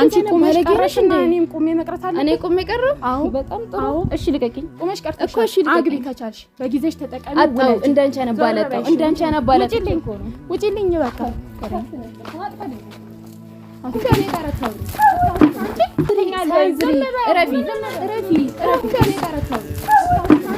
አንቺ ቁመሽ ቀረሽ እንዴ? እኔም ቁሜ መቅረት አለ። እኔ ቁሜ ቀረሁ? አዎ፣ በጣም ጥሩ። እሺ፣ ልቀቂኝ። ቁመሽ ቀርተሽ እኮ። እሺ፣ አግቢ ከቻልሽ፣ በጊዜሽ ተጠቀሚ። አጣው እንዳንቺ አነባለጣው እንዳንቺ አነባለጣው። ውጪልኝ እኮ ነው። ውጪልኝ በቃ። እረፊ፣ እረፊ፣ እረፊ።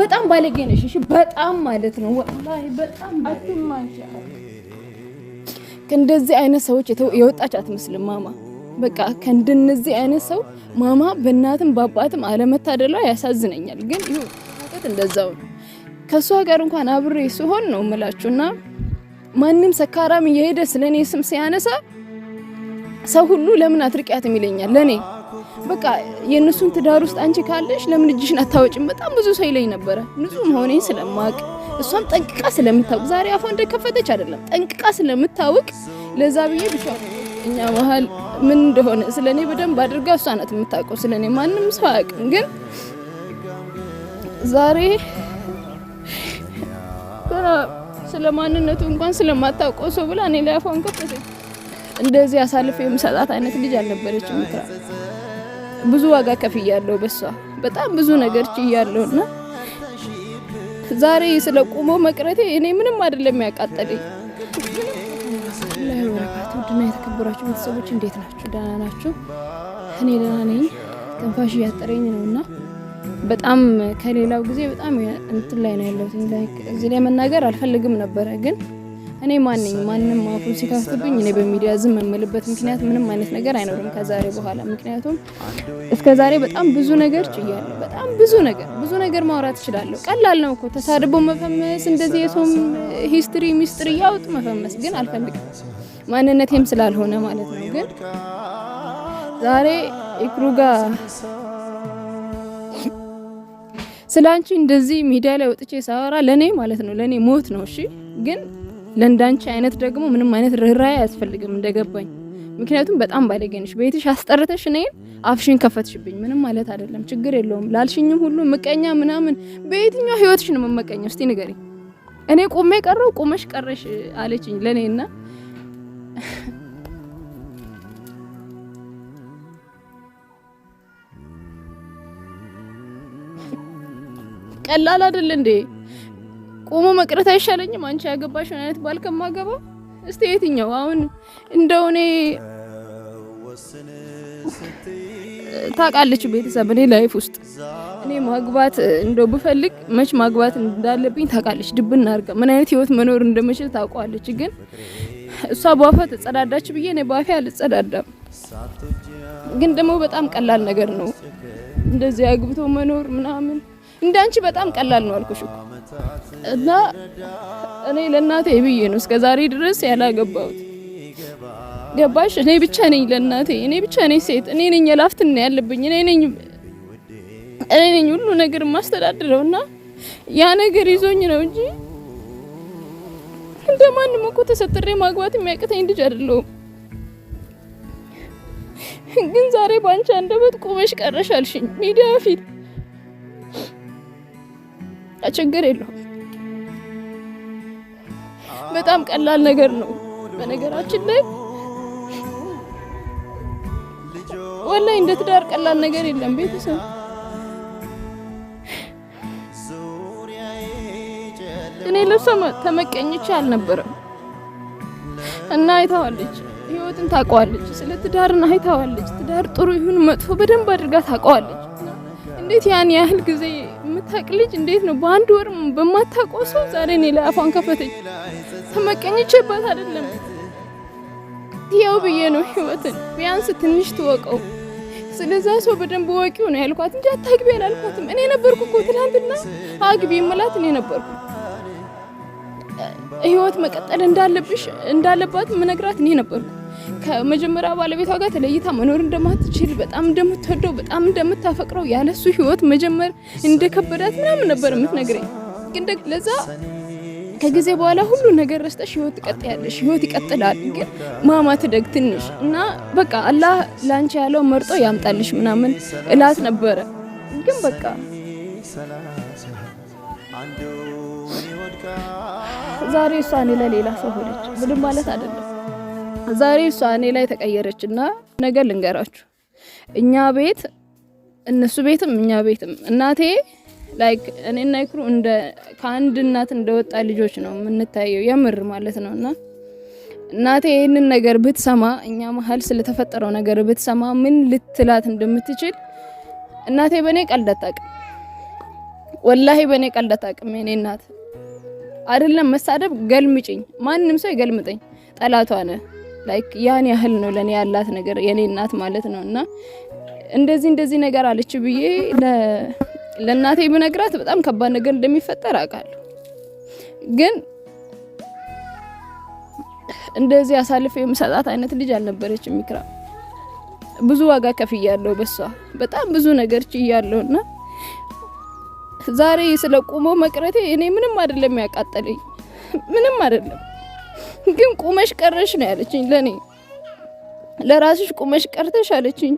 በጣም ባለጌ ነሽ። እሺ በጣም ማለት ነው ወላሂ በጣም አትማንቻ። ከእንደዚህ አይነት ሰዎች የወጣች አትመስልም ማማ። በቃ ከእንደነዚህ አይነት ሰው ማማ በእናትም በአባትም አለመታደሏ ያሳዝነኛል። ግን ይሁን እንደዛው ነው። ከእሷ ጋር እንኳን አብሬ ሲሆን ነው የምላችሁ እና ማንም ሰካራም እየሄደ ስለ እኔ ስም ሲያነሳ ሰው ሁሉ ለምን አትርቂያትም ይለኛል ለእኔ በቃ የእነሱን ትዳር ውስጥ አንቺ ካለሽ ለምን እጅሽን አታወጭም? በጣም ብዙ ሰው ይለኝ ነበረ። ንጹህ መሆኔን ስለማቅ እሷም ጠንቅቃ ስለምታውቅ ዛሬ አፏ እንደከፈተች አይደለም፣ ጠንቅቃ ስለምታውቅ ለዛ ብዬ ብቻ እኛ መሀል ምን እንደሆነ ስለ እኔ በደንብ አድርጋ እሷ ናት የምታውቀው። ስለ እኔ ማንም ሰው አያውቅም። ግን ዛሬ ስለ ማንነቱ እንኳን ስለማታውቀው ሰው ብላ እኔ ላይ አፏን ከፈተች። እንደዚህ አሳልፈ የምሰጣት አይነት ልጅ አልነበረችም። ብዙ ዋጋ ከፍያለሁ። በሷ በጣም ብዙ ነገር ችያለሁ እና ዛሬ ስለ ቁሞ መቅረቴ እኔ ምንም አይደለም ያቃጠለኝ። ወረካቱ ድና የተከበራችሁ ቤተሰቦች እንዴት ናችሁ? ደህና ናችሁ? እኔ ደህና ነኝ። ትንፋሽ እያጠረኝ ነው እና በጣም ከሌላው ጊዜ በጣም እንትን ላይ ነው ያለሁት። እዚህ ላይ መናገር አልፈልግም ነበረ ግን እኔ ማንኝ ማንም አፉን ሲከፍትብኝ እኔ በሚዲያ ዝም የምልበት ምክንያት ምንም አይነት ነገር አይኖርም ከዛሬ በኋላ። ምክንያቱም እስከ ዛሬ በጣም ብዙ ነገር ችያለሁ። በጣም ብዙ ነገር ብዙ ነገር ማውራት እችላለሁ። ቀላል ነው እኮ ተሳድቦ መፈመስ፣ እንደዚህ የሰውም ሂስትሪ ሚስጥር እያወጡ መፈመስ ግን አልፈልግም። ማንነቴም ስላልሆነ ማለት ነው። ግን ዛሬ ኢክሩ ጋር ስለ አንቺ እንደዚህ ሚዲያ ላይ ወጥቼ ሳወራ ለእኔ ማለት ነው ለእኔ ሞት ነው። እሺ ግን ለእንዳንቺ አይነት ደግሞ ምንም አይነት ርኅራኄ አያስፈልግም እንደገባኝ። ምክንያቱም በጣም ባደገንሽ ቤትሽ አስጠርተሽ እኔን አፍሽን ከፈትሽብኝ። ምንም ማለት አይደለም፣ ችግር የለውም ላልሽኝም ሁሉ ምቀኛ ምናምን። በየትኛው ህይወትሽ ነው መመቀኛው? እስቲ ንገሪ እኔ ቁሜ ቀረው ቁመሽ ቀረሽ አለችኝ ለእኔና ቀላል አይደል እንዴ? ቆሞ መቅረት አይሻለኝም? አንቺ ያገባሽውን አይነት ባል ከማገባው እስቲ የትኛው አሁን እንደው እኔ ታውቃለች ቤተሰብ እኔ ላይፍ ውስጥ እኔ ማግባት እንደው ብፈልግ መች ማግባት እንዳለብኝ ታውቃለች። ድብን አርጋ ምን አይነት ህይወት መኖር እንደምችል ታውቋለች። ግን እሷ በአፏ ተጸዳዳች ብዬ እኔ በአፌ አልጸዳዳም። ግን ደግሞ በጣም ቀላል ነገር ነው እንደዚህ አግብቶ መኖር ምናምን። እንዳንቺ በጣም ቀላል ነው አልኩሽ እኮ እና እኔ ለእናቴ ብዬ ነው ዛሬ ድረስ ያላገባሁት። ገባሽ? እኔ ብቻ ነኝ ለእናቴ፣ እኔ ብቻ ነኝ ሴት፣ እኔ ነኝ የላፍትና ያለብኝ፣ እኔ ነኝ እኔ ነኝ ሁሉ ነገር የማስተዳድረው እና ያ ነገር ይዞኝ ነው እንጂ እንደ ማንም እኮ ተሰጥሬ ማግባት የሚያቅተኝ ልጅ አይደለሁም። ግን ዛሬ በአንቺ አንደበት ቆመሽ ቀረሽ አልሽኝ ሚዲያ ፊት ችግር የለውም። በጣም ቀላል ነገር ነው። በነገራችን ላይ ወላይ እንደ ትዳር ቀላል ነገር የለም። ቤተሰብ እኔ ለሷ ተመቀኝቼ አልነበረም እና አይታዋለች፣ ህይወትን ታውቀዋለች፣ ስለ ትዳርን አይታዋለች። ትዳር ጥሩ ይሁን መጥፎ በደንብ አድርጋ ታውቀዋለች። እንዴት ያን ያህል ጊዜ የማታውቅ ልጅ እንዴት ነው በአንድ ወር በማታቆ ሰው ዛሬ እኔ ላይ አፏን ከፈተች? ተመቀኝቼባት አይደለም ያው ብዬ ነው ህይወትን ቢያንስ ትንሽ ትወቀው ስለዛ ሰው በደንብ ወቂው ነው ያልኳት እንጂ አታግቢ አላልኳትም። እኔ ነበርኩ እኮ አግቢ እምላት እኔ ነበርኩ። ህይወት መቀጠል እንዳለብሽ እንዳለባት ምነግራት እኔ ነበርኩ። ከመጀመሪያ ባለቤቷ ጋር ተለይታ መኖር እንደማትችል በጣም እንደምትወደው በጣም እንደምታፈቅረው ያለሱ ህይወት መጀመር እንደከበዳት ምናምን ነበር የምትነግረኝ። ግን ለዛ ከጊዜ በኋላ ሁሉ ነገር ረስተሽ ህይወት ትቀጥያለሽ፣ ህይወት ይቀጥላል። ግን ማማ ትደግ ትንሽ እና በቃ አላህ ላንቺ ያለው መርጦ ያምጣልሽ ምናምን እላት ነበረ። ግን በቃ ዛሬ እሷ እኔ ለሌላ ሰው ሆነች ምንም ማለት አይደለም። ዛሬ እሷ እኔ ላይ ተቀየረች እና ነገር ልንገራችሁ፣ እኛ ቤት እነሱ ቤትም እኛ ቤትም እናቴ ላይክ እኔና ይክሩ እንደ ከአንድ እናት እንደወጣ ልጆች ነው የምንታየው፣ የምር ማለት ነው። እና እናቴ ይህንን ነገር ብትሰማ እኛ መሀል ስለተፈጠረው ነገር ብትሰማ ምን ልትላት እንደምትችል እናቴ በእኔ ቀልድ አታውቅም። ወላሂ በእኔ ቀልድ አታውቅም። የኔ እናት አይደለም መሳደብ ገልምጭኝ፣ ማንም ሰው ይገልምጠኝ፣ ጠላቷ ነህ ላይክ ያን ያህል ነው ለእኔ ያላት ነገር የኔ እናት ማለት ነው። እና እንደዚህ እንደዚህ ነገር አለች ብዬ ለእናቴ ብነግራት በጣም ከባድ ነገር እንደሚፈጠር አውቃለሁ። ግን እንደዚህ አሳልፍ የምሰጣት አይነት ልጅ አልነበረች የሚክራ ብዙ ዋጋ ከፍያለሁ በሷ በጣም ብዙ ነገር ችያለሁ እና ዛሬ ስለ ቁሞ መቅረቴ እኔ ምንም አይደለም ያቃጠለኝ ምንም አይደለም ግን ቁመሽ ቀረሽ ነው ያለችኝ። ለኔ ለራስሽ ቁመሽ ቀርተሽ አለችኝ።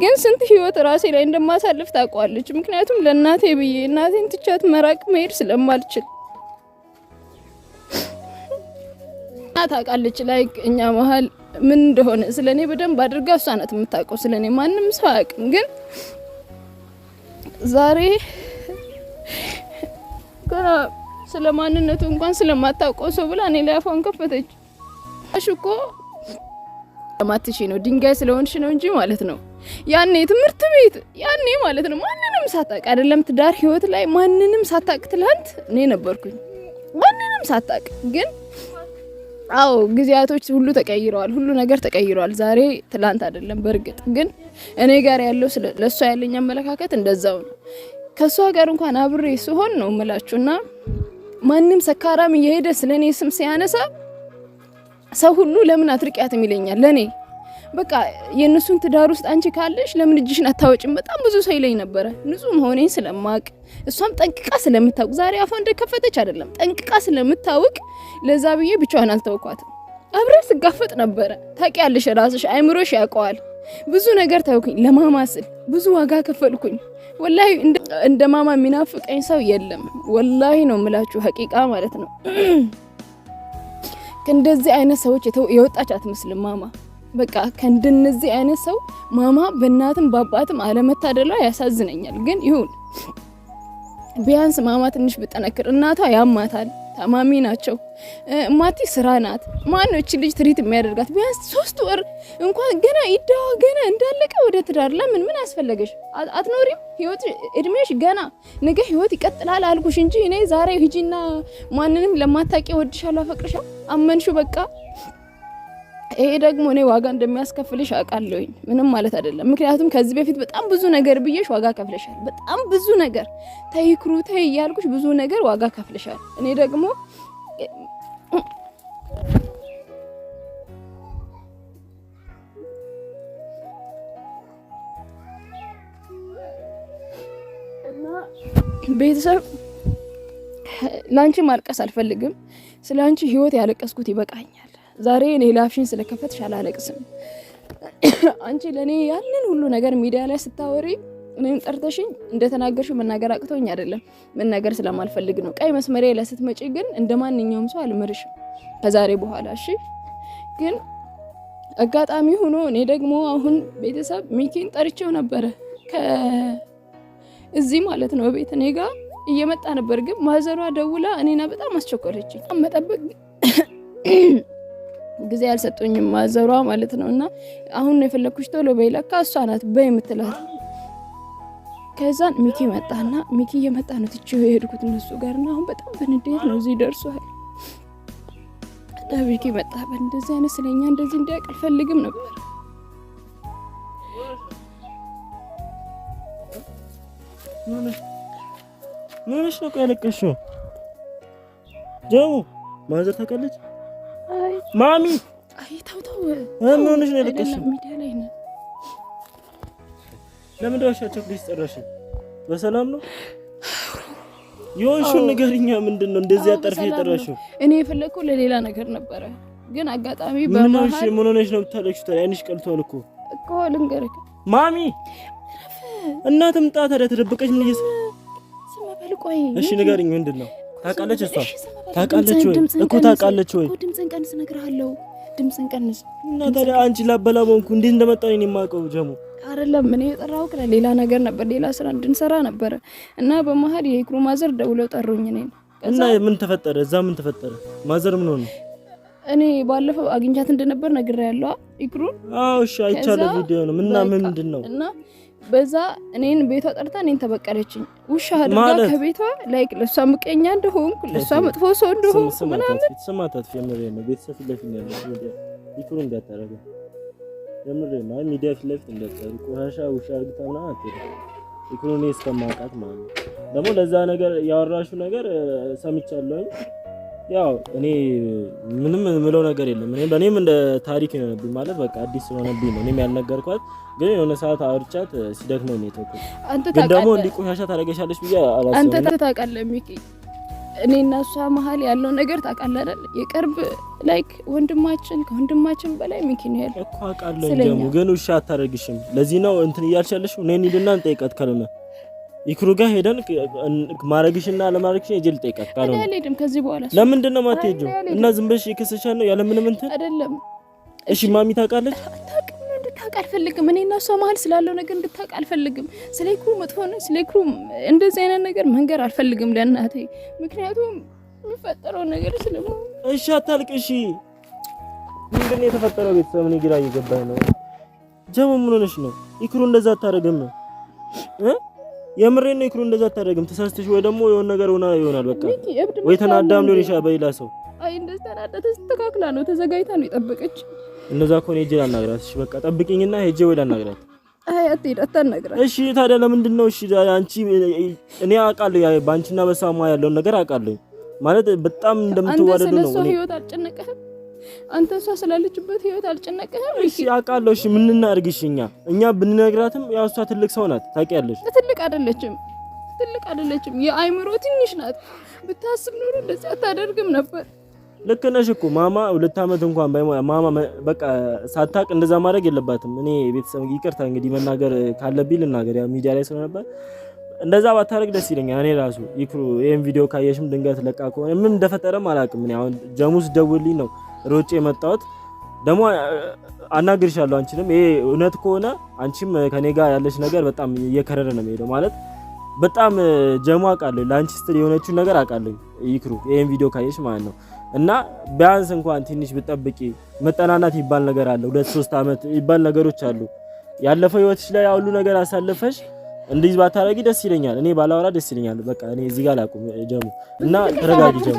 ግን ስንት ህይወት ራሴ ላይ እንደማሳልፍ ታውቀዋለች። ምክንያቱም ለእናቴ ብዬ እናቴን ትቻት መራቅ መሄድ ስለማልችል ታውቃለች። ላይ እኛ መሀል ምን እንደሆነ ስለኔ በደንብ አድርጋ እሷ ናት የምታውቀው። ስለኔ ማንም ሰው አያውቅም። ግን ገና ስለ ማንነቱ እንኳን ስለማታውቀው ሰው ብላ እኔ ላይ አፏን ከፈተች። እኮ ማትሽ ነው ድንጋይ ስለሆንሽ ነው እንጂ ማለት ነው። ያኔ ትምህርት ቤት ያኔ ማለት ነው ማንንም ሳታቅ አይደለም ትዳር ህይወት ላይ ማንንም ሳታቅ ትላንት እኔ ነበርኩኝ ማንንም ሳታቅ ግን አዎ ጊዜያቶች ሁሉ ተቀይረዋል። ሁሉ ነገር ተቀይረዋል። ዛሬ ትላንት አይደለም። በእርግጥ ግን እኔ ጋር ያለው ለእሷ ያለኝ አመለካከት እንደዛው ነው። ከእሷ ጋር እንኳን አብሬ ስሆን ነው እምላችሁና ማንም ሰካራም እየሄደ ስለ እኔ ስም ሲያነሳ ሰው ሁሉ ለምን አትርቂያትም ይለኛል። ለእኔ በቃ የእነሱን ትዳር ውስጥ አንቺ ካለሽ ለምን እጅሽን አታወጭም? በጣም ብዙ ሰው ይለኝ ነበረ። ንጹሕ መሆኔን ስለማቅ እሷም ጠንቅቃ ስለምታውቅ ዛሬ አፏ እንደከፈተች አይደለም፣ ጠንቅቃ ስለምታውቅ ለዛ ብዬ ብቻዋን አልተውኳትም። አብረ ስጋፈጥ ነበረ። ታውቂያለሽ፣ ራስሽ አይምሮሽ ያውቀዋል። ብዙ ነገር ታውኩኝ። ለማማ ስል ብዙ ዋጋ ከፈልኩኝ። ወላሂ እንደ ማማ የሚናፍቀኝ ሰው የለም። ወላሂ ነው የምላችሁ፣ ሀቂቃ ማለት ነው። ከእንደዚህ አይነት ሰዎች የወጣች አትመስልም ማማ። በቃ ከእንደነዚህ አይነት ሰው ማማ በእናትም በአባትም አለመታደሏ ያሳዝነኛል። ግን ይሁን ቢያንስ ማማ ትንሽ ብጠነክር፣ እናቷ ያማታል ታማሚ ናቸው። ማቲ ስራ ናት። ማነው እቺ ልጅ ትሪት የሚያደርጋት? ቢያንስ ሶስት ወር እንኳን ገና ይዳዋ ገና እንዳለቀ ወደ ትዳር ለምን ምን አስፈለገሽ? አትኖሪም። ህይወት እድሜሽ ገና ነገ ህይወት ይቀጥላል አልኩሽ እንጂ እኔ ዛሬ ሂጂና ማንንም ለማታቂ ወድሻለሁ፣ አፈቅርሻለሁ፣ አመንሹ በቃ ይሄ ደግሞ እኔ ዋጋ እንደሚያስከፍልሽ አውቃለሁኝ። ምንም ማለት አይደለም። ምክንያቱም ከዚህ በፊት በጣም ብዙ ነገር ብዬሽ ዋጋ ከፍለሻል። በጣም ብዙ ነገር ተይክሩ ተይ እያልኩሽ ብዙ ነገር ዋጋ ከፍለሻል። እኔ ደግሞ ቤተሰብ ለአንቺ ማልቀስ አልፈልግም። ስለ አንቺ ህይወት ያለቀስኩት ይበቃኛል። ዛሬ እኔ ላፍሽን ስለከፈትሽ አላለቅስም። አንቺ ለእኔ ያንን ሁሉ ነገር ሚዲያ ላይ ስታወሪ እኔም ጠርተሽኝ እንደተናገርሽ መናገር አቅቶኝ አይደለም፣ መናገር ስለማልፈልግ ነው። ቀይ መስመሪያ ላይ ግን እንደ ማንኛውም ሰው አልምርሽም ከዛሬ በኋላ እሺ። ግን አጋጣሚ ሆኖ እኔ ደግሞ አሁን ቤተሰብ ሚኪን ጠርቼው ነበረ እዚህ ማለት ነው ቤት እኔ ጋር እየመጣ ነበር። ግን ማዘሯ ደውላ እኔና በጣም አስቸኮለችኝ መጠበቅ ጊዜ አልሰጡኝም፣ ማዘሯ ማለት ነው። እና አሁን ነው የፈለግኩሽ ቶሎ በይ ለካ እሷ ናት በይ የምትላት። ከዛን ሚኪ መጣና ሚኪ እየመጣ ነው ትቼው የሄድኩት እነሱ ጋር እና አሁን በጣም በንዴት ነው እዚህ ደርሷል። ዳቪድ መጣ። በእንደዚህ አይነት ስለኛ እንደዚህ እንዲያውቅ አልፈልግም ነበር ምንሽ ነው ያለቀሽው? ጀሙ ማዘር ታውቃለች? ማሚ ምን ሆነሽ ነው በሰላም ነው የሆንሽውን ንገሪኛ። ምንድን ነው እንደዚህ አጠርፊ የጠራሽው? እኔ የፈለግኩት ለሌላ ነገር ነበረ፣ ግን አጋጣሚ በመሀል ምን ሆነሽ ነው የምታለቅሽው? ታዲያ ዓይንሽ ቀልቷል እኮ እኮ ልንገርህ ማሚ እናትም ጣ ታዲያ ተደብቀሽ ምን እየሰራሽ? በል ቆይ እሺ ንገሪኝ ምንድን ነው ታውቃለች እሷ ታውቃለች ወይ እኮ ታውቃለች ወይ? ድምፅን ቀንስ እነግርሃለሁ። ድምፅን ቀንስ እና ታዲያ አንቺ ላበላበንኩ እንዴት እንደመጣ ነው የማውቀው ጀሙ አይደለም እኔ የጠራው ቅረ ሌላ ነገር ነበር፣ ሌላ ስራ እንድንሰራ ነበረ እና በመሀል የኢክሩ ማዘር ደውለው ጠሩኝ እኔን። እና ምን ተፈጠረ እዛ? ምን ተፈጠረ? ማዘር ምን ሆነ? እኔ ባለፈው አግኝቻት እንደነበር ነግሬያለሁ። ኢክሩን አዎ፣ እሺ፣ አይቻለ ቪዲዮ ነው እና ምንድን ነው እና በዛ እኔን ቤቷ ጠርታ እኔን ተበቀለችኝ። ውሻ አድርጋ ከቤቷ ላይክ ለእሷ ምቀኛ እንደሆን ለእሷ መጥፎ ሰው እንደሆን ምናምን ስማታትፍ የምሬ ነው። ቤተሰብ ፊት ለፊት ያለ እንዳታረገ የምሬ ነው። ሚዲያ ፊት ለፊት እንዳታረ ቆሻሻ ውሻ አድርግታ ምናምን አትሄድም። ይቅሩ እኔ እስከማውቃት ማለት ነው። ደግሞ ለዛ ነገር ያወራሹ ነገር ሰምቻለሁኝ ያው እኔ ምንም የምለው ነገር የለም። እኔ ለእኔም እንደ ታሪክ ነው የሆነብኝ፣ ማለት በቃ አዲስ ሆነብኝ ነው። እኔም ያልነገርኳት ግን የሆነ ሰዓት አውርቻት ሲደክመኝ ነው የተውኩት። ግን ደግሞ እንዲህ ቆሻሻ ታደርገሻለች ብዬ አላሰብኩም። አንተ ታውቃለህ ሚኪ፣ እኔ እና እሷ መሀል ያለው ነገር ታውቃለህ አይደል? የቅርብ ላይክ ወንድማችን ከወንድማችን በላይ ሚኪ ነው ያለው እኮ አውቃለሁ። ደግሞ ግን ውሻ አታደርግሽም። ለዚህ ነው እንትን እያልሻለሽ እኔን ሂድና እንጠይቃት ካልሆነ ኢክሩ ጋር ሄደን ማረግሽና ለማረግሽ እጄ ልጠይቃት ካልሆነ አልሄድም። ከዚህ በኋላ ለምንድን ነው የማትሄጂው? እና ዝም ብለሽ የከሰሻን ነው ያለ ምንም እንትን አይደለም። እሺ ማሚ ታውቃለች። እንድታውቅ አልፈልግም። እኔ እና እሷ መሀል ስላለው ነገር እንድታውቅ አልፈልግም። ስለ ኢክሩ መጥፎ ነው፣ ስለ ኢክሩ እንደዚህ አይነት ነገር መንገር አልፈልግም ለእናቴ፣ ምክንያቱም የሚፈጠረው ነገር ስለማውቅ። እሺ አታልቅ። እሺ ምንድን ነው የተፈጠረው? ቤተሰብ እኔ ግራ እየገባኝ ነው። ጀሙ ምን ሆነሽ ነው? ይክሩ እንደዛ አታደርግም እ የምሬ ነው። ይክሩ እንደዛ አታደርግም። ተሳስተሽ ወይ ደግሞ የሆነ ነገር ሆና ይሆናል። በቃ ወይ ተናዳም ሊሆን ይሻ በሌላ ሰው። አይ እንደዛ ተናዳ ተስተካክላ ነው ተዘጋጅታ ነው የጠበቀች። እንደዛ ከሆነ ሄጄ ላናግራት። እሺ በቃ ጠብቂኝና ሄጄ ወይ ላናግራት። አይ አትሄድ፣ አታናግራት። እሺ ታዲያ ለምንድን ነው? እሺ አንቺ እኔ አውቃለሁ፣ ባንቺና በሳማ ያለውን ነገር አውቃለሁ። ማለት በጣም እንደምትዋደዱ ነው። አንተ ስለሱ ህይወት አልጨነቀህም አንተ እሷ ስላለችበት ህይወት አልጨነቀህም? እሺ አውቃለሁ። እሺ ምን እናድርግሽ? እኛ እኛ ብንነግራትም ያው እሷ ትልቅ ሰው ናት፣ ታውቂያለሽ። ትልቅ አይደለችም፣ ትልቅ አይደለችም። የአይምሮ ትንሽ ናት። ብታስብ ኖሮ እንደዚህ አታደርግም ነበር። ልክ ነሽ እኮ ማማ፣ ሁለት ዓመት እንኳን ባይሞላ ማማ በቃ ሳታቅ እንደዛ ማድረግ የለባትም። እኔ ቤተሰብ ይቅርታ እንግዲህ መናገር ካለብኝ ልናገር፣ ያው ሚዲያ ላይ ስለነበር እንደዛ ባታረግ ደስ ይለኛል። እኔ ራሱ ይክሩ ይሄን ቪዲዮ ካየሽም ድንገት ለቃ ከሆነ ምን እንደፈጠረም አላውቅም። እኔ አሁን ጀሙስ ደውልኝ ነው ሮጬ የመጣሁት ደግሞ አናግርሻለሁ። አንቺንም ይሄ እውነት ከሆነ አንቺም ከኔ ጋር ያለች ነገር በጣም እየከረረ ነው የሚሄደው። ማለት በጣም ጀሙ አውቃለሁ፣ ለአንቺ ስትል የሆነችውን ነገር አውቃለሁ። ይክሩ ይህን ቪዲዮ ካየሽ ማለት ነው እና ቢያንስ እንኳን ትንሽ ብጠብቂ መጠናናት ይባል ነገር አለ። ሁለት ሶስት ዓመት ይባል ነገሮች አሉ። ያለፈው ህይወትሽ ላይ ሁሉ ነገር አሳለፈሽ እንዲህ ባታረጊ ደስ ይለኛል። እኔ ባላወራ ደስ ይለኛል። በቃ እኔ እዚህ ጋር ላቁም ጀሙ እና ተረጋጊ ጀሙ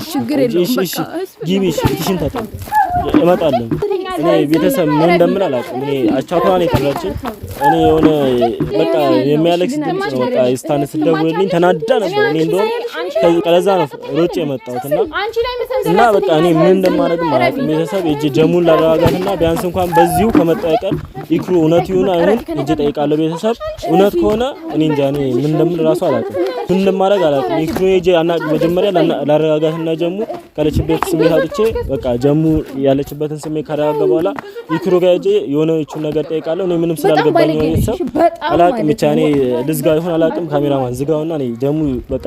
ችግር የለውም። በቃ ጂቢ እሺ፣ እመጣለሁ። እኔ ቤተሰብ ምን እንደምን አላውቅም። እኔ አቻቷን የፈራችን እኔ የሆነ በቃ የሚያለቅስ ድምፅ ነው። በቃ ስታን ስደውልልኝ ተናዳ ነበር እኔ እንደውም ከዛ ነው ሮጭ የመጣሁት እና አንቺ ላይ እና በቃ እኔ ምን እንደማደርግ ማለት ቤተሰብ እጅ ጀሙን ላረጋጋትና ቢያንስ እንኳን በዚሁ ከመጠቀም ይክሩ እውነት ይሁን አይሁን እጅ ጠይቃለሁ። ቤተሰብ እውነት ከሆነ እኔ እንጃ እኔ ምን እንደምን ራሱ አላውቅም፣ ምን እንደማደርግ አላውቅም። ይክሩ እጅ አና መጀመሪያ ላረጋጋትና ጀሙ ካለችበት ስሜት አጥቼ በቃ ጀሙ ያለችበትን ስሜት ካረጋጋ በኋላ ይክሩ ጋር እጄ የሆነችውን ነገር ጠይቃለሁ። እኔ ምንም ስላልገባኝ ቤተሰብ አላውቅም፣ ብቻ እኔ ልዝጋ ይሁን አላውቅም። ካሜራማን ዝጋውና እኔ ጀሙ በቃ